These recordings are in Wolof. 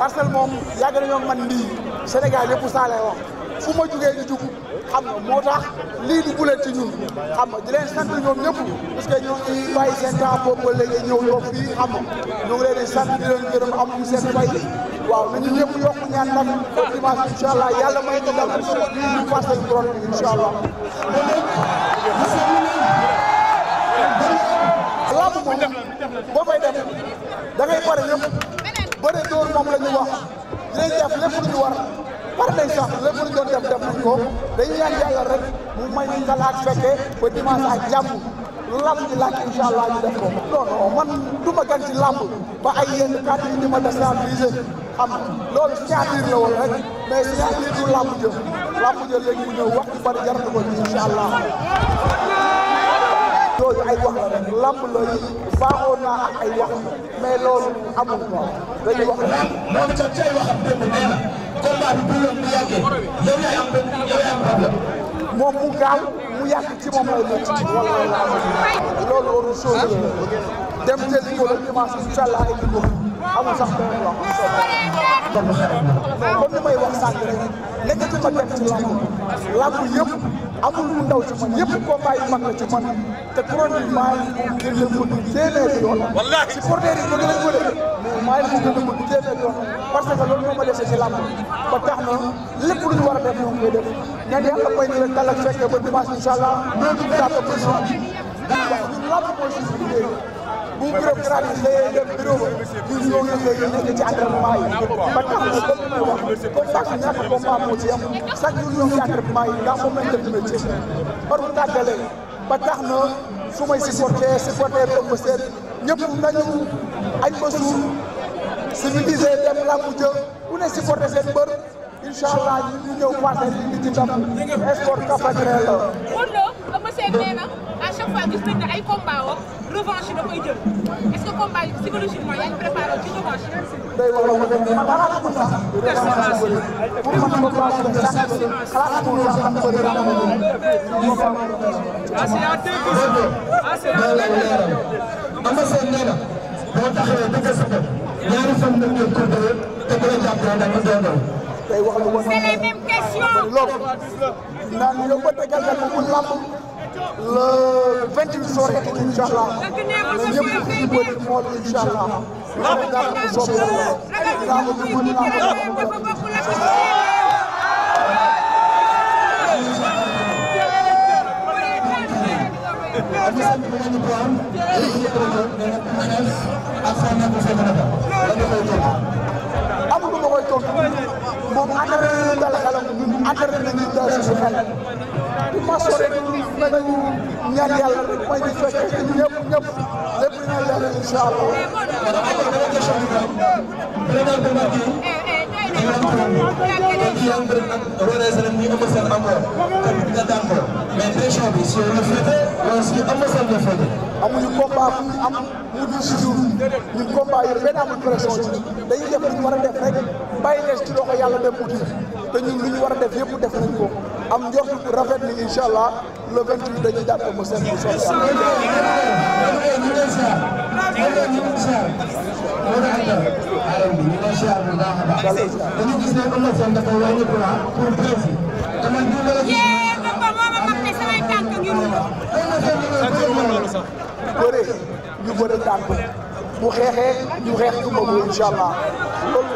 parcelle moom yàgg nañoo man lii Sénégal yëpp saa wax fu ma jugee jug xam nga moo tax lii du buleen ci ñun xam nga di leen ñoom ñëpp parce que ñoo ngi bàyyi seen temps boobu ba léegi ñëw toog fii xam nga leen di sant di leen gërëm amuñu seen fay waaw nañu ñëpp yokk ñaan nag ba dimanche allah yàlla may ñu moom boo fay def pare ñëpp. lépp di war war nañ sax lépp lu doon def def nañ ko dañu ñaan yàlla rek mu may ñu fekke ba dimanche ak jàmm lamb di laaj incha allah ñu de ko. non non man du ma gan ci lamb ba ay yenn kàddu yi di ma déstabiliser xam loolu signature la woon rek mais signature du lamb jëf lamb jëf léegi mu ñëw wax bari jaratu ko incha allah. yooyu ay wax lamb la baaxoon naa ak ay wax mais loolu amul quoi dañuy wax. moom ca a waxam dëgg nee na combat bi bu yàggee yow yaay am moom mu gaaw mu yàq ci moom lay métti loolu warul chose la dem te li ko la dimanche incha allah indi ko amul sax benn wax comme ni may wax sànq rek nekk ci ma dem ci lamb lamb yëpp amul lu ndaw ci man yëpp combat yi mag la ci man te chroniquement gën leen ko téeméeri yoon supporters yi bëgg nañ ko de maa ngi leen bu téeméer yoon parce que loolu moo ma dese si làmb ba tax na lépp lu ñu war a def ñoo ngi koy def ñaan yàlla may ñu leen tal ak fekkee ba dimanche incha allah ñooñu jàpp ko si wax ñun làmb mooy suñu liggéey bu bureaucratie day dem bureau ñu ñëw ñu léegi nekk ci entraînement yi ba tax na comme may wax comme tax ñàkk combat moo ci am chaque jour ñoo ngi ci entraînement yi ndax moom lañ def métier baru tàggalee ba tax na su may supporté supporté comme seet ñëpp nañu ba suur suñu gisee dem lambu jë ku ne supporté seen mbër incha allah ñu ñëw parcelle bi ñu ci tam sport Kafrine la. Modou Lo monsieur nee na à chaque fois gis nañ ay combat wax revanche da koy jël est-ce que combat yi psychologiquement yaa ngi préparé ci revanche. day war a wute mais man xalaatuma sax. persévérance la pour man ma ko wax sax xalaatuma sax am ko dina amoon. ah c'est à deux ah c'est à deux. monsieur nee na boo taxawee dëgg sa bopp. ñaari fan nga ñëw ko bëre te bëre jàpp na dama doonal. tey wax lu ma c'est les mêmes questions. loolu naan yóbbu te gàllankoor bu làmb le 28 soir été incha allah le ñëpp ku ci bëri moo di incha allah loolu daal la ko soobee yàlla daal la ko mën naa ko. Abdoulaye bi dama ñu ko am léegi ñu ko doon dana xeex ak soo nekk fekk na fa lan nga koy tontu. amul lu ma koy tontu moom àndal nañu dal xelam àndal nañu dal si xel bi ma soree nañu ñaan yàlla rek may ñu fekk ñëpp ñëpp lépp ñaan yàlla incha allah. mais pression bi si yow la féetee violence yi am na seen defee amuñu combat bu am mu dul si suuf ñun combat yooyu benn amul pression ci dañuy def lu ñu war a def rek bàyyi leen ci loxo yàlla dem uti te ñun lu ñu war a def yëpp def nañ ko am njort bu rafet ni incha allah le 28 dañuy jàpp mu seen bu soxla yàlla. bëree ñu bëri bu xeexee ñu xeex ci moom incha allah loolu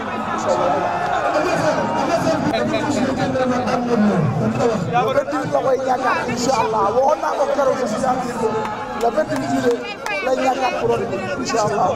le 28 la koy ñàkkaat incha allah waxoon naa ko keroog si si le 28 juillet lay ñàkkaat couronne bi incha allah